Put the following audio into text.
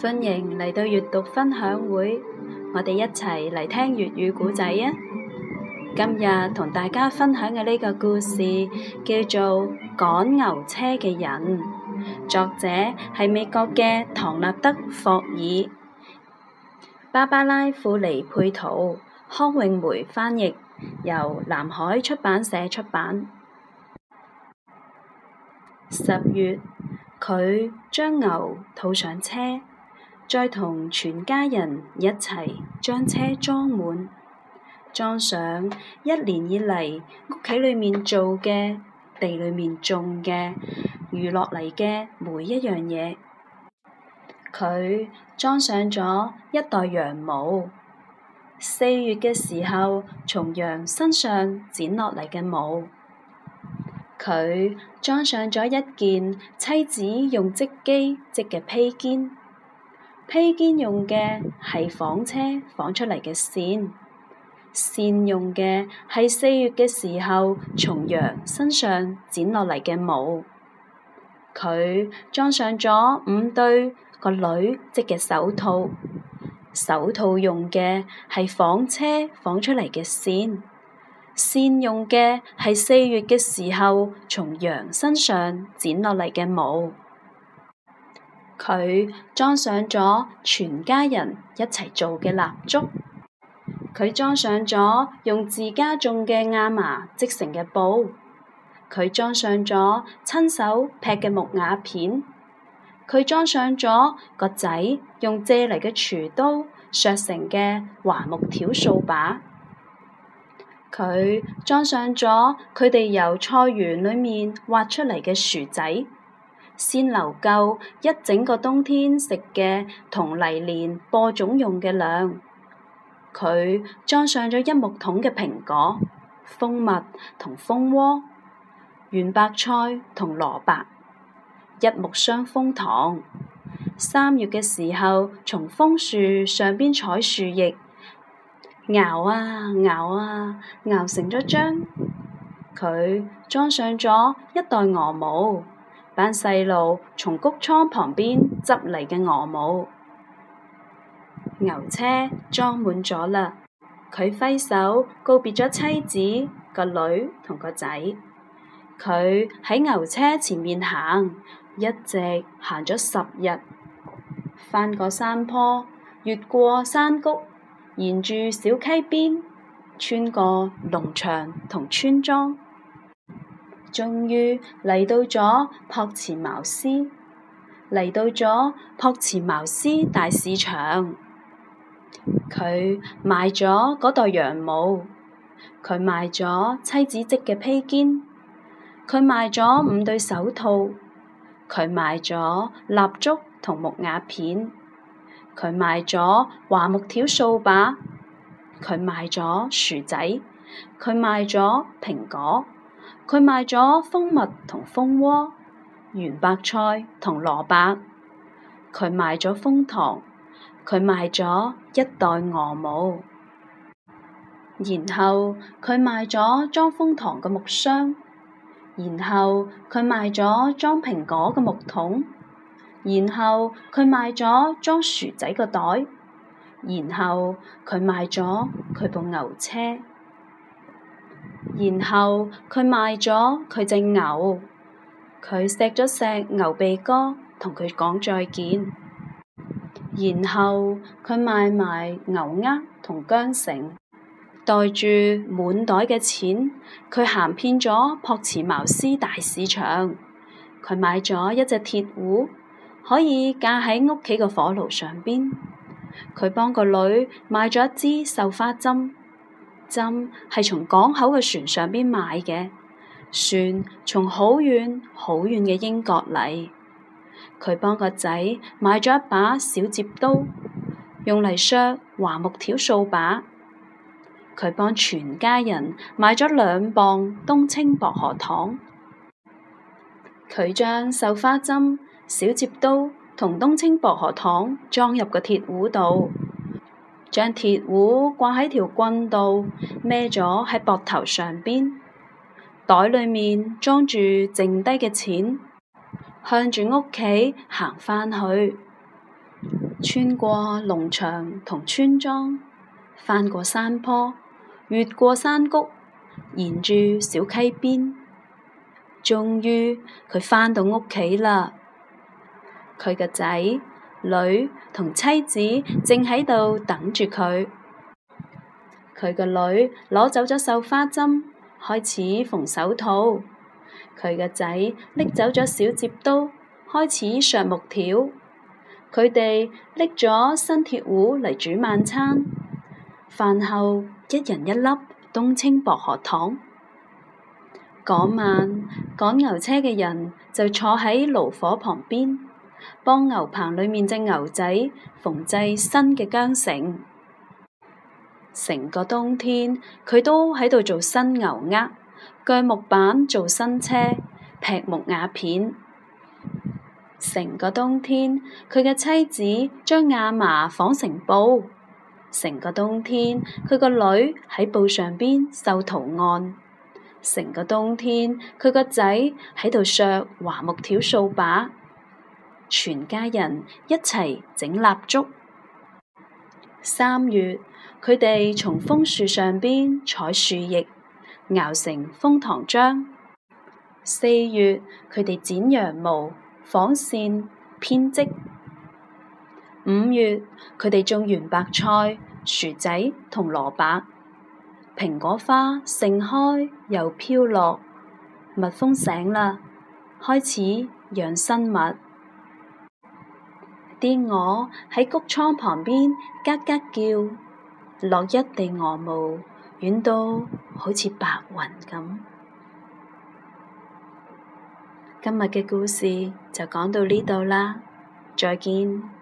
歡迎嚟到閱讀分享會，我哋一齊嚟聽粵語古仔啊！今日同大家分享嘅呢個故事叫做《趕牛車嘅人》，作者係美國嘅唐納德·霍爾，芭芭拉·庫尼配圖，康永梅翻譯，由南海出版社出版。十月，佢將牛套上車。再同全家人一齊將車裝滿，裝上一年以嚟屋企裏面做嘅、地裏面種嘅、餘落嚟嘅每一樣嘢。佢裝上咗一袋羊毛，四月嘅時候從羊身上剪落嚟嘅毛。佢裝上咗一件妻子用織機織嘅披肩。披肩用嘅係紡車紡出嚟嘅線，線用嘅係四月嘅時候從羊身上剪落嚟嘅毛。佢裝上咗五對個女織嘅手套，手套用嘅係紡車紡出嚟嘅線，線用嘅係四月嘅時候從羊身上剪落嚟嘅毛。佢裝上咗全家人一齊做嘅蠟燭，佢裝上咗用自家種嘅亞麻織成嘅布，佢裝上咗親手劈嘅木瓦片，佢裝上咗個仔用借嚟嘅廚刀削成嘅華木條掃把，佢裝上咗佢哋由菜園裏面挖出嚟嘅薯仔。先留夠一整個冬天食嘅同嚟年播種用嘅糧，佢裝上咗一木桶嘅蘋果、蜂蜜同蜂窩、圓白菜同蘿蔔、一木箱蜂糖。三月嘅時候，從楓樹上邊採樹液，熬啊熬啊熬成咗漿，佢裝上咗一袋鵝毛。班細路從谷倉旁邊執嚟嘅鵝母，牛車裝滿咗啦。佢揮手告別咗妻子、個女同個仔，佢喺牛車前面行，一直行咗十日，翻過山坡，越過山谷，沿住小溪邊，穿過農場同村莊。終於嚟到咗朴茨茅斯，嚟到咗朴茨茅斯大市場。佢賣咗嗰袋羊毛，佢賣咗妻子織嘅披肩，佢賣咗五對手套，佢賣咗蠟燭同木瓦片，佢賣咗樺木條掃把，佢賣咗薯仔，佢賣咗蘋果。佢賣咗蜂蜜同蜂窩、圓白菜同蘿蔔。佢賣咗蜂糖。佢賣咗一袋鵝毛。然後佢賣咗裝蜂糖嘅木箱。然後佢賣咗裝蘋果嘅木桶。然後佢賣咗裝薯仔嘅袋。然後佢賣咗佢部牛車。然後佢賣咗佢隻牛，佢錫咗錫牛鼻哥，同佢講再見。然後佢賣埋牛軛同韁繩，帶滿袋住滿袋嘅錢，佢行遍咗朴茨茅斯大市場。佢買咗一隻鐵壺，可以架喺屋企個火爐上邊。佢幫個女買咗一支繡花針。針係從港口嘅船上邊買嘅，船從好遠好遠嘅英國嚟。佢幫個仔買咗一把小折刀，用嚟削華木條掃把。佢幫全家人買咗兩磅冬青薄荷糖。佢將繡花針、小折刀同冬青薄荷糖裝入個鐵壺度。將鐵壺掛喺條棍度，孭咗喺膊頭上邊，袋裏面裝住剩低嘅錢，向住屋企行返去，穿過農場同村莊，翻過山坡，越過山谷，沿住小溪邊，終於佢返到屋企啦！佢嘅仔。女同妻子正喺度等住佢，佢個女攞走咗繡花針，開始縫手套；佢個仔拎走咗小折刀，開始削木條。佢哋拎咗新鐵壺嚟煮晚餐。飯後一人一粒冬青薄荷糖。嗰晚趕牛車嘅人就坐喺爐火旁邊。幫牛棚裏面隻牛仔縫製新嘅韁繩，成個冬天佢都喺度做新牛軛，鋸木板做新車，劈木瓦片。成個冬天，佢嘅妻子將亞麻紡成布，成個冬天佢個女喺布上邊繡圖案，成個冬天佢個仔喺度削樺木條掃把。全家人一齊整蠟燭。三月，佢哋從楓樹上邊採樹液，熬成楓糖漿。四月，佢哋剪羊毛、紡線、編織。五月，佢哋種完白菜、薯仔同蘿蔔。蘋果花盛開又飄落，蜜蜂醒啦，開始養新物。啲鵝喺谷倉旁邊嘎嘎叫，落一地鵝毛，軟到好似白雲咁。今日嘅故事就講到呢度啦，再見。